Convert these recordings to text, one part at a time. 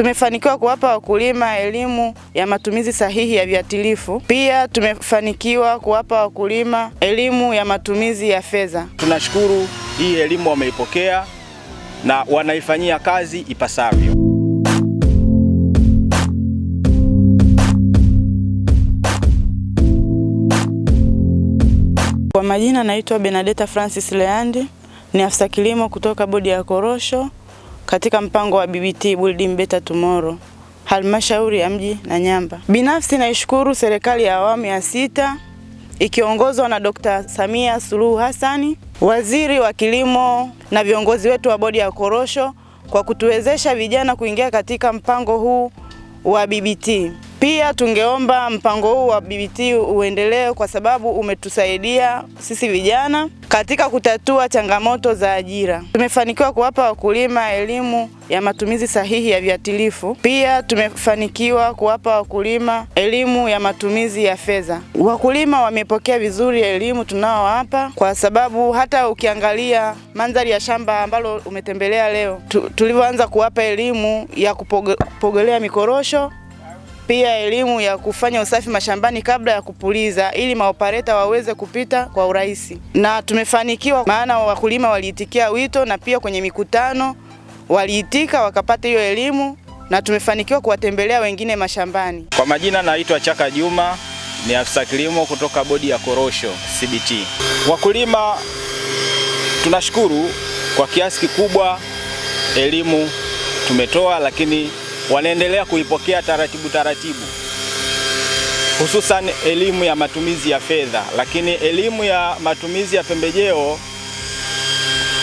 Tumefanikiwa kuwapa wakulima elimu ya matumizi sahihi ya viuatilifu. Pia tumefanikiwa kuwapa wakulima elimu ya matumizi ya fedha. Tunashukuru hii elimu wameipokea na wanaifanyia kazi ipasavyo. Kwa majina naitwa Benadeta Francis Leandi, ni afisa kilimo kutoka Bodi ya Korosho katika mpango wa BBT Building Better Tomorrow halmashauri ya mji na nyamba Binafsi naishukuru serikali ya awamu ya sita ikiongozwa na Dr. Samia Suluhu Hassani, waziri wa kilimo na viongozi wetu wa bodi ya korosho kwa kutuwezesha vijana kuingia katika mpango huu wa BBT. Pia tungeomba mpango huu wa BBT uendelee kwa sababu umetusaidia sisi vijana katika kutatua changamoto za ajira. Tumefanikiwa kuwapa wakulima elimu ya matumizi sahihi ya viuatilifu. Pia tumefanikiwa kuwapa wakulima elimu ya matumizi ya fedha. Wakulima wamepokea vizuri elimu tunaowapa, kwa sababu hata ukiangalia mandhari ya shamba ambalo umetembelea leo, tulivyoanza kuwapa elimu ya kupogelea mikorosho pia elimu ya kufanya usafi mashambani kabla ya kupuliza ili maopareta waweze kupita kwa urahisi, na tumefanikiwa, maana wakulima waliitikia wito na pia kwenye mikutano waliitika wakapata hiyo elimu na tumefanikiwa kuwatembelea wengine mashambani. Kwa majina naitwa Chaka Juma, ni afisa kilimo kutoka bodi ya korosho CBT. Wakulima tunashukuru kwa kiasi kikubwa elimu tumetoa, lakini wanaendelea kuipokea taratibu taratibu, hususan elimu ya matumizi ya fedha, lakini elimu ya matumizi ya pembejeo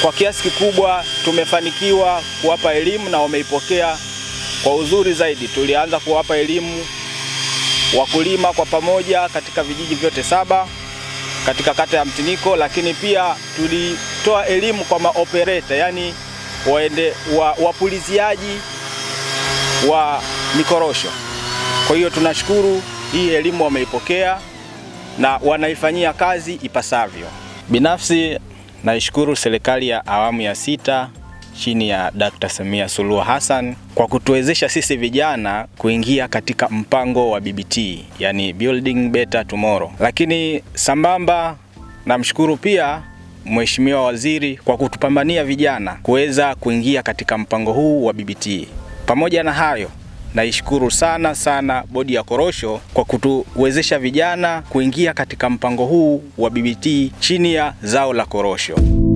kwa kiasi kikubwa tumefanikiwa kuwapa elimu na wameipokea kwa uzuri zaidi. Tulianza kuwapa elimu wakulima kwa pamoja katika vijiji vyote saba katika kata ya Mtiniko, lakini pia tulitoa elimu kwa maopereta, yaani waende wapuliziaji wa mikorosho. Kwa hiyo tunashukuru hii elimu wameipokea na wanaifanyia kazi ipasavyo. Binafsi naishukuru serikali ya awamu ya sita chini ya Dkt. Samia Suluhu Hassan kwa kutuwezesha sisi vijana kuingia katika mpango wa BBT, yani Building Better Tomorrow. Lakini sambamba namshukuru pia Mheshimiwa Waziri kwa kutupambania vijana kuweza kuingia katika mpango huu wa BBT. Pamoja na hayo, naishukuru sana sana bodi ya korosho kwa kutuwezesha vijana kuingia katika mpango huu wa BBT chini ya zao la korosho.